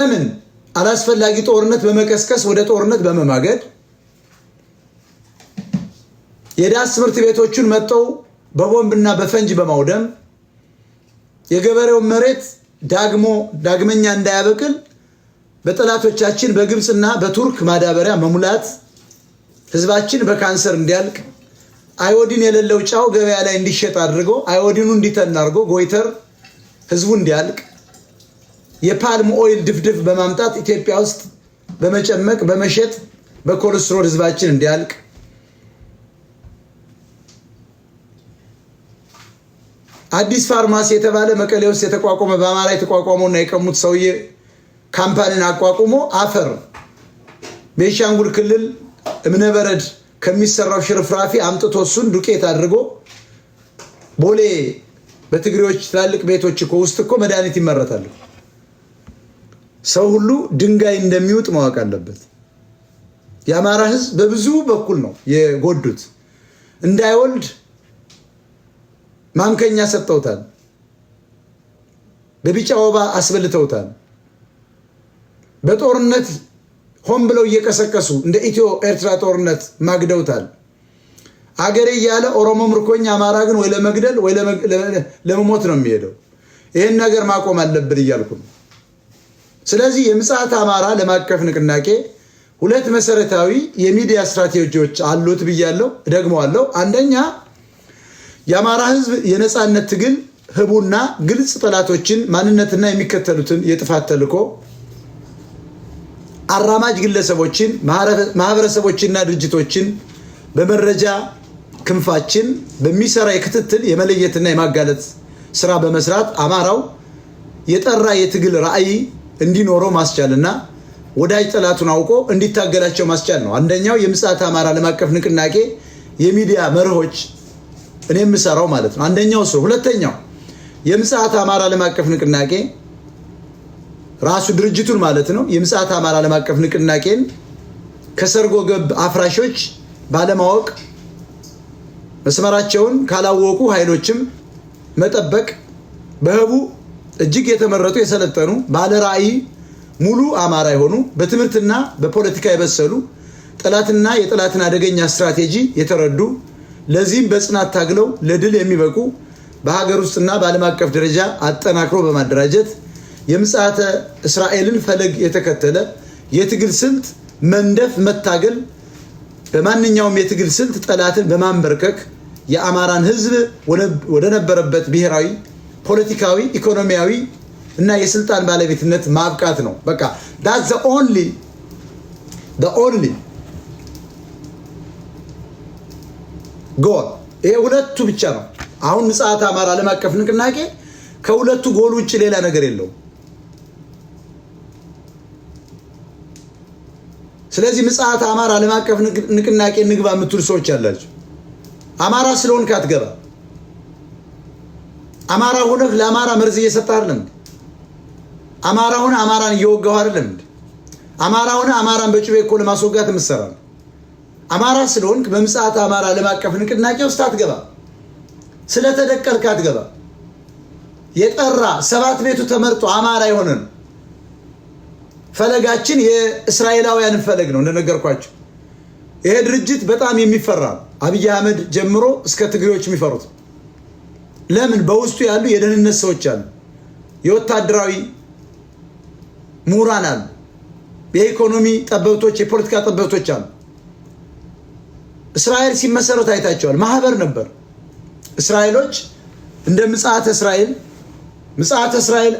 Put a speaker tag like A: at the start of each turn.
A: ለምን አላስፈላጊ ጦርነት በመቀስቀስ ወደ ጦርነት በመማገድ የዳስ ትምህርት ቤቶቹን መጥተው በቦምብና በፈንጅ በማውደም የገበሬውን መሬት ዳግሞ ዳግመኛ እንዳያበቅል በጠላቶቻችን በግብፅና በቱርክ ማዳበሪያ መሙላት ህዝባችን በካንሰር እንዲያልቅ አዮዲን የሌለው ጫው ገበያ ላይ እንዲሸጥ አድርጎ አዮዲኑ እንዲተን አድርጎ ጎይተር ህዝቡ እንዲያልቅ የፓልም ኦይል ድፍድፍ በማምጣት ኢትዮጵያ ውስጥ በመጨመቅ በመሸጥ በኮሌስትሮል ህዝባችን እንዲያልቅ አዲስ ፋርማሲ የተባለ መቀሌ ውስጥ የተቋቋመ በአማራ እና የቀሙት ሰውዬ ካምፓኒን አቋቁሞ አፈር ቤንሻንጉል ክልል እብነበረድ ከሚሰራው ሽርፍራፊ አምጥቶ እሱን ዱቄት አድርጎ ቦሌ በትግሬዎች ትላልቅ ቤቶች እኮ ውስጥ እኮ መድኃኒት ይመረታሉ። ሰው ሁሉ ድንጋይ እንደሚውጥ ማወቅ አለበት። የአማራ ህዝብ በብዙ በኩል ነው የጎዱት። እንዳይወልድ ማምከኛ ሰጥተውታል። በቢጫ ወባ አስበልተውታል። በጦርነት ሆን ብለው እየቀሰቀሱ እንደ ኢትዮ ኤርትራ ጦርነት ማግደውታል። አገሬ እያለ ኦሮሞ ምርኮኛ፣ አማራ ግን ወይ ለመግደል ወይ ለመሞት ነው የሚሄደው። ይህን ነገር ማቆም አለብን እያልኩ ነው። ስለዚህ የምጽዓት አማራ ዓለም አቀፍ ንቅናቄ ሁለት መሰረታዊ የሚዲያ ስትራቴጂዎች አሉት ብያለሁ፣ እደግመዋለሁ። አንደኛ የአማራ ህዝብ የነፃነት ትግል ህቡና ግልጽ ጠላቶችን ማንነትና የሚከተሉትን የጥፋት ተልዕኮ አራማጅ ግለሰቦችን፣ ማህበረሰቦችንና ድርጅቶችን በመረጃ ክንፋችን በሚሰራ የክትትል የመለየትና የማጋለጥ ስራ በመስራት አማራው የጠራ የትግል ራዕይ እንዲኖረው ማስቻል እና ወዳጅ ጠላቱን አውቆ እንዲታገላቸው ማስቻል ነው። አንደኛው የምፅዓት አማራ ዓለም አቀፍ ንቅናቄ የሚዲያ መርሆች እኔ የምሰራው ማለት ነው። አንደኛው እሱ። ሁለተኛው የምፅዓት አማራ ዓለም አቀፍ ንቅናቄ ራሱ ድርጅቱን ማለት ነው። የምፅዓት አማራ ዓለም አቀፍ ንቅናቄን ከሰርጎ ገብ አፍራሾች ባለማወቅ መስመራቸውን ካላወቁ ኃይሎችም መጠበቅ በህቡ እጅግ የተመረጡ የሰለጠኑ ባለ ሙሉ አማራ የሆኑ በትምህርትና በፖለቲካ የበሰሉ ጠላትና የጠላትን አደገኛ ስትራቴጂ የተረዱ ለዚህም በጽናት ታግለው ለድል የሚበቁ በሀገር ውስጥና በዓለም አቀፍ ደረጃ አጠናክሮ በማደራጀት የምጽአተ እስራኤልን ፈለግ የተከተለ የትግል ስልት መንደፍ፣ መታገል በማንኛውም የትግል ስልት ጠላትን በማንበርከክ የአማራን ሕዝብ ወደነበረበት ብሔራዊ ፖለቲካዊ፣ ኢኮኖሚያዊ እና የስልጣን ባለቤትነት ማብቃት ነው። በቃ ዳት ኦንሊ ኦንሊ ጎል ይሄ ሁለቱ ብቻ ነው። አሁን ምጽአት አማራ ዓለም አቀፍ ንቅናቄ ከሁለቱ ጎል ውጭ ሌላ ነገር የለውም። ስለዚህ ምጽአት አማራ ዓለም አቀፍ ንቅናቄ ንግባ የምትሉ ሰዎች አላቸው። አማራ ስለሆንክ አትገባ አማራ ሆነህ ለአማራ መርዝ እየሰጠህ አይደለም። አማራ ሆነ አማራን እየወጋሁ አይደለም። አማራ ሆነ አማራን በጩቤ እኮ ለማስወጋት የምትሰራ አማራ ስለሆንክ በምጽአት አማራ ለማቀፍ ንቅናቄ ውስጥ አትገባ። ስለተደቀልክ አትገባ። የጠራ ሰባት ቤቱ ተመርጦ አማራ የሆነ ፈለጋችን የእስራኤላውያንን ፈለግ ነው እንደነገርኳቸው። ይሄ ድርጅት በጣም የሚፈራ አብይ አህመድ ጀምሮ እስከ ትግሬዎች የሚፈሩት ለምን በውስጡ ያሉ የደህንነት ሰዎች አሉ፣ የወታደራዊ ምሁራን አሉ፣ የኢኮኖሚ ጠበብቶች፣ የፖለቲካ ጠበብቶች አሉ። እስራኤል ሲመሰረት አይታቸዋል። ማህበር ነበር። እስራኤሎች እንደ ምጽአተ እስራኤል ምጽአተ እስራኤል